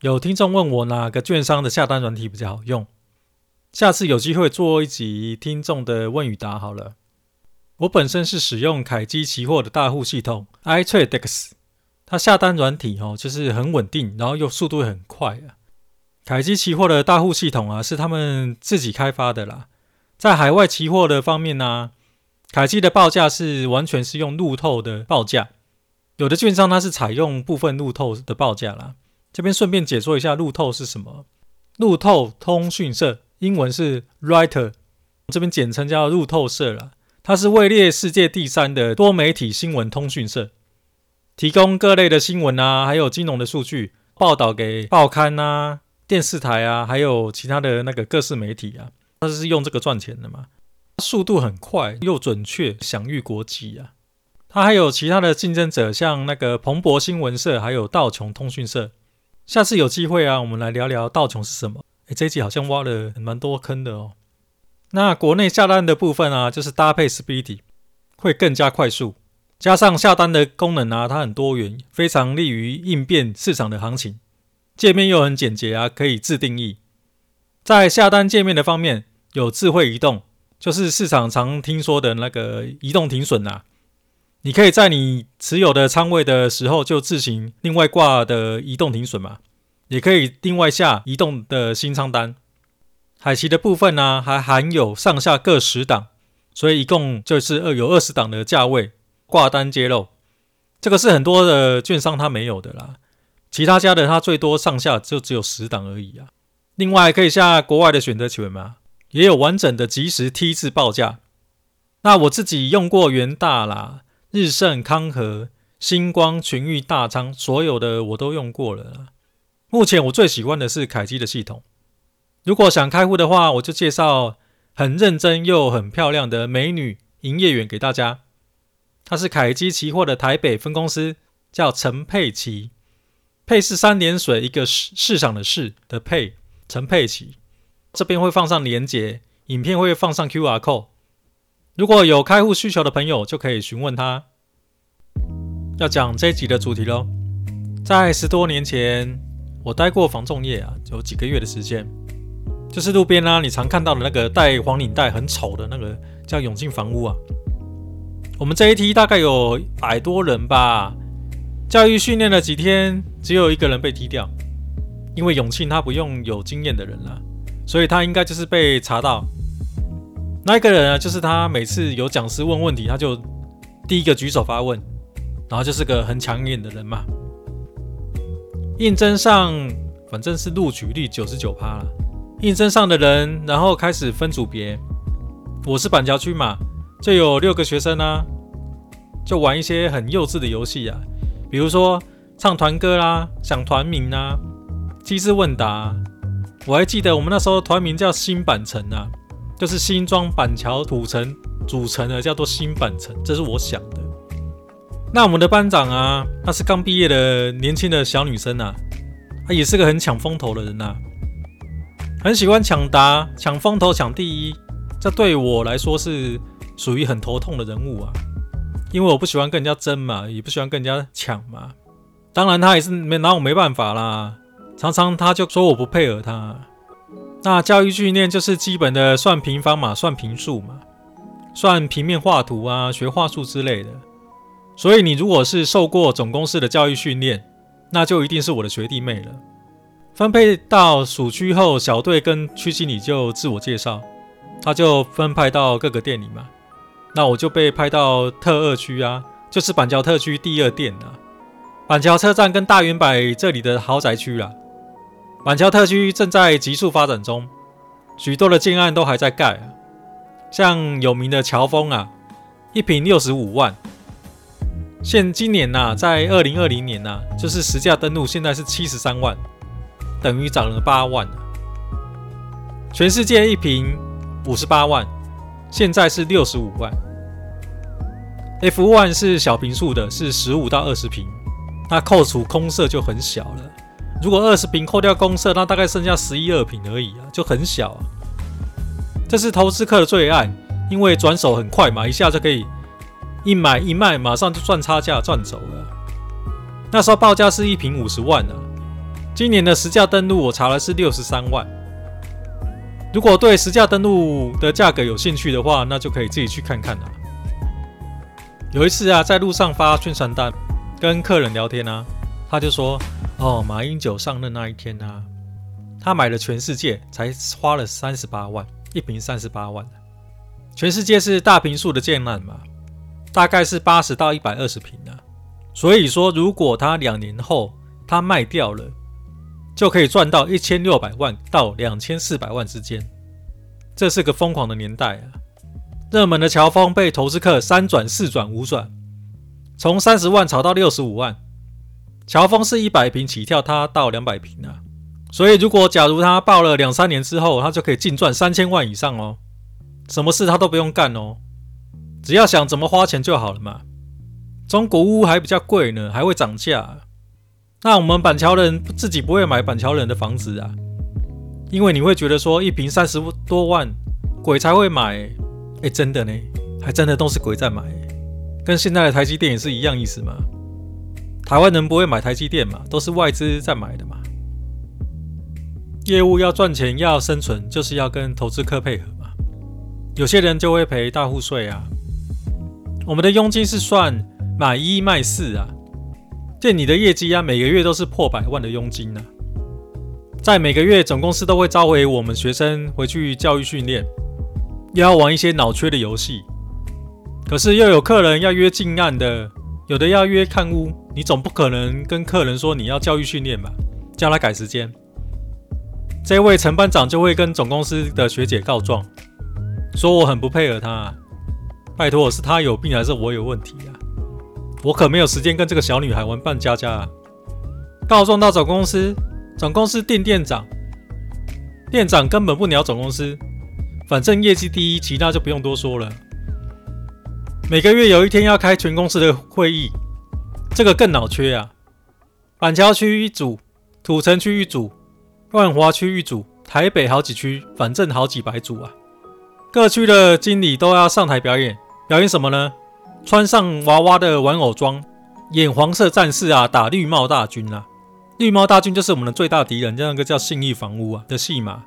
有聽眾問我哪個券商的下單軟體比較好用？下次有機會做一集聽眾的問與答好了。我本身是使用凱基期貨的大戶系統 iTradex，它下單軟體哦就是很穩定，然後又速度很快啊。凱基期貨的大戶系統啊是他們自己開發的啦。在海外期貨的方面呢、啊，凱基的報價是完全是用路透的報價，有的券商它是採用部分路透的報價啦。這邊順便解說一下路透是什麼？路透通訊社英文是 Reuters 這邊簡稱叫路透社了。它是位列世界第三的多媒體新聞通訊社，提供各類的新聞啊，還有金融的數據報道給報刊啊、電視台啊，還有其他的那個各式媒體啊。它是用這個賺錢的嘛？它速度很快又準確，享譽國際啊。它還有其他的競爭者，像那個彭博新聞社，還有道瓊通訊社。下次有機會啊，我們來聊聊道瓊是什麼。哎、欸，這一集好像挖了蠻多坑的哦。那國內下單的部分啊，就是搭配 Speedy 會更加快速。加上下單的功能啊，它很多元，非常利於應變市場的行情。界面又很簡潔啊，可以自定義。在下單界面的方面，有智慧移動，就是市場常聽說的那個移動停損啊。你可以在你持有的倉位的時候就自行另外掛的移動停損嘛，也可以另外下移動的新倉單。海期的部分呢、啊，還含有上下各十檔，所以一共就是二有二十檔的價位掛單揭露，這個是很多的券商，它沒有的啦。其他家的它最多上下就只有十檔而已啊。另外可以下國外的選擇權嘛，也有完整的即時 T 字報價。那我自己用過元大啦。日盛、康和、新光、群益、大昌，所有的我都用過了。目前我最喜歡的是凱基的系統。如果想開戶的話，我就介紹很認真又很漂亮的美女營業員給大家。她是凱基期貨的台北分公司，叫陳沛琪。沛是三點水一個市，市場的市的沛，陳沛琪。這邊會放上連結，影片會放上 QR code。如果有開戶需求的朋友，就可以詢問他。要講這一集的主題嘍，在十多年前，我待過房仲業啊，有幾個月的時間，就是路邊啊，你常看到的那個戴黃領帶很醜的那個叫永慶房屋啊。我們這一梯大概有百多人吧，教育訓練了幾天，只有一個人被踢掉，因為永慶他不用有經驗的人了、啊，所以他應該就是被查到。那一個人啊，就是他每次有講師問問題，他就第一個舉手發問，然後就是個很搶眼的人嘛。應徵上反正是錄取率九十九趴啦，應徵上的人，然後開始分組別。我是板橋區嘛，就有六個學生啊，就玩一些很幼稚的遊戲啊，比如說唱團歌啦、啊、想團名啦、啊、機智問答、啊。我還記得我們那時候團名叫新板城啊。就是新莊板橋土城組成的，叫做新板城，這是我想的。那我們的班長啊，她是剛畢業的年輕的小女生吶、啊，她也是個很搶風頭的人吶、啊，很喜歡搶答、搶風頭、搶第一。這對我來說是屬於很頭痛的人物啊，因為我不喜歡跟人家爭嘛，也不喜歡跟人家搶嘛。當然他也是沒拿我沒辦法啦，常常他就說我不配合他。那教育訓練就是基本的算平方嘛，算坪數嘛，算平面畫圖啊，學話術之類的。所以你如果是受過總公司的教育訓練，那就一定是我的學弟妹了。分配到屬區後，小隊跟區經理就自我介紹，他就分派到各個店裡嘛。那我就被派到特二區啊，就是板橋特區第二店啊，板橋車站跟大遠百這裡的豪宅區了、啊。板橋特區正在急速發展中，許多的建案都還在蓋、啊，像有名的喬峰啊，一坪六十五萬，現今年吶、啊，在二零二零年吶、啊，就是實價登錄，現在是七十三萬，等於漲了八萬、啊。權世界一坪五十八萬，現在是六十五萬。F one 是小坪數的，是十五到二十坪，那扣除空設就很小了。如果二十坪扣掉公設，那大概剩下十一二坪而已啊，就很小啊。這是投資客的最愛，因為轉手很快嘛，一下就可以一買一賣，馬上就賺差價賺走了。那時候報價是一坪五十萬啊，今年的實價登錄我查了是六十三萬。如果對實價登錄的價格有興趣的話，那就可以自己去看看了啊。有一次啊，在路上發宣傳單，跟客人聊天啊，他就說。哦，馬英九上任那一天啊，他買了權世界，才花了三十八萬，一坪三十八萬啊。權世界是大坪數的建案嘛，大概是八十到一百二十坪啊。所以說，如果他兩年後他賣掉了，就可以賺到一千六百萬到兩千四百萬之間。這是個瘋狂的年代啊！熱門的喬峰被投資客三轉四轉五轉，從三十萬炒到六十五萬。喬峰是一百坪起跳，他到兩百坪啊。所以如果假如他抱了兩三年之後，他就可以淨賺三千萬以上哦。什麼事他都不用幹哦，只要想怎麼花錢就好了嘛。中國屋還比較貴呢，還會漲價啊。那我們板橋人自己不會買板橋人的房子啊，因為你會覺得說一坪三十多萬，鬼才會買。哎，真的呢，還真的都是鬼在買，跟現在的台積電也是一樣意思嘛。台灣人不會買台積電嘛？都是外資在買的嘛。業務要賺錢，要生存，就是要跟投資客配合嘛。有些人就會賠大戶稅啊。我們的佣金是算買一賣四啊。店裡的業績啊，每個月都是破百萬的佣金啊。在每個月總公司都會召回我們學生回去教育訓練，又要玩一些腦缺的遊戲。可是又有客人要約進案的。有的要約看屋，你總不可能跟客人說你要教育訓練吧？叫他改時間。這位陳班長就會跟總公司的學姐告狀，說我很不配合她。拜托，是她有病還是我有問題啊？我可沒有時間跟這個小女孩玩扮家家啊！告狀到總公司，總公司定店長，店長根本不鳥總公司。反正業績第一，其他就不用多說了。每個月有一天要開全公司的會議，這個更腦缺啊！板橋區一組、土城區一組、萬華區一組、台北好幾區，反正好幾百組啊！各區的經理都要上台表演，表演什麼呢？穿上娃娃的玩偶裝，演黃色戰士啊，打綠帽大軍啊！綠帽大軍就是我們的最大敵人，叫那個叫信義房屋啊的戲碼，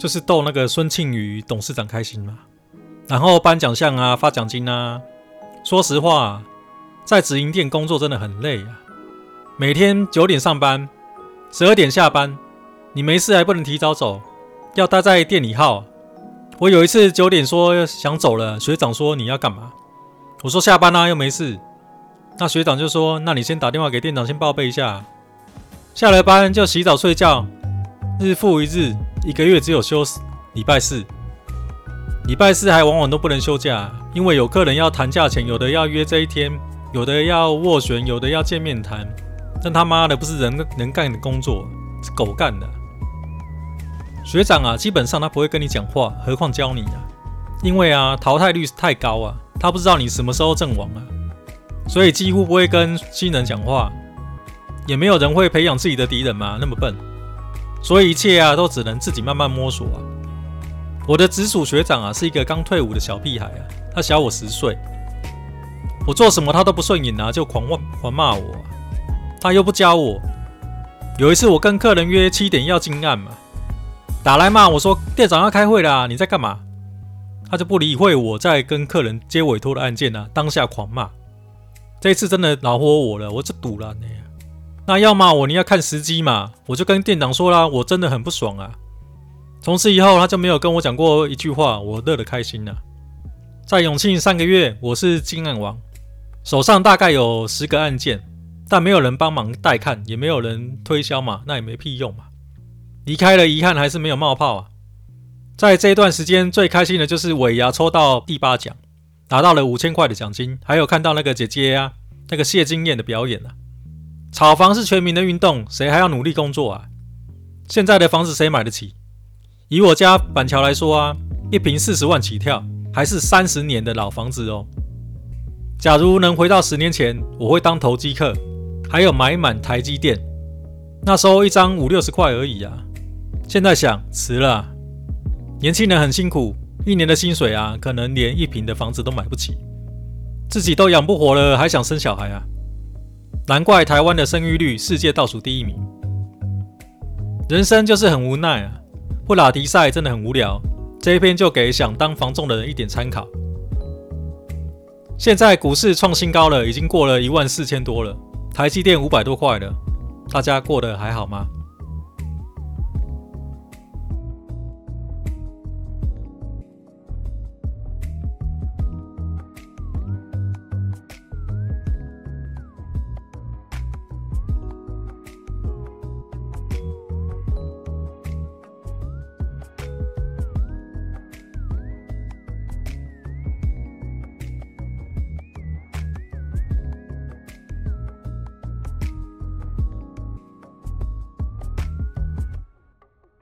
就是逗那個孫慶餘董事長開心嘛。然後頒獎項啊，發獎金啊。說實話，在直營店工作真的很累啊。每天九點上班，十二點下班，你沒事還不能提早走，要待在店裡耗。我有一次九點說想走了，學長說你要幹嘛？我說下班啦，啊，又沒事。那學長就說，那你先打電話給店長先報備一下。下了班就洗澡睡覺，日復一日，一個月只有休息禮拜四。禮拜四還往往都不能休假啊，因為有客人要談價錢，有的要約這一天，有的要斡旋，有的要見面談。但他媽的不是人能幹的工作，是狗幹的啊。學長啊，基本上他不會跟你講話，何況教你啊？因為啊，淘汰率太高啊，他不知道你什麼時候陣亡啊，所以幾乎不會跟新人講話，也沒有人會培養自己的敵人嘛，那麼笨。所以一切啊，都只能自己慢慢摸索啊。我的直屬學長啊，是一個剛退伍的小屁孩啊，他小我十歲，我做什麼他都不順眼啊，就狂罵狂罵我，他、啊、又不教我。有一次我跟客人約七點要進案嘛，打來罵我說店長要開會啦、啊，你在幹嘛？他就不理會我在跟客人接委托的案件呢、啊，當下狂罵，這一次真的惱火我了，我就賭了你，那要罵我你要看時機嘛，我就跟店長說啦，我真的很不爽啊。從此以後，他就沒有跟我講過一句話。我樂得開心了啊。在永慶三個月，我是金案王，手上大概有十個案件，但沒有人幫忙帶看，也沒有人推銷嘛，那也沒屁用嘛。離開了，遺憾還是沒有冒泡啊。在這一段時間，最開心的就是尾牙抽到第八獎，拿到了五千塊的獎金，還有看到那個姐姐啊，那個謝金燕的表演啊。炒房是全民的運動，誰還要努力工作啊？現在的房子誰買得起？以我家板橋來說啊，一坪四十萬起跳，還是三十年的老房子哦。假如能回到十年前，我會當投機客，還有買滿台積電。那時候一張五六十塊而已啊。現在想，遲了啊。年輕人很辛苦，一年的薪水啊，可能連一坪的房子都買不起，自己都養不活了，還想生小孩啊？難怪台灣的生育率世界倒數第一名。人生就是很無奈啊。布拉迪賽真的很無聊，這一篇就給想當房仲的人一點參考。現在股市創新高了，已經過了一萬四千多了，台積電五百多塊了，大家過得還好嗎？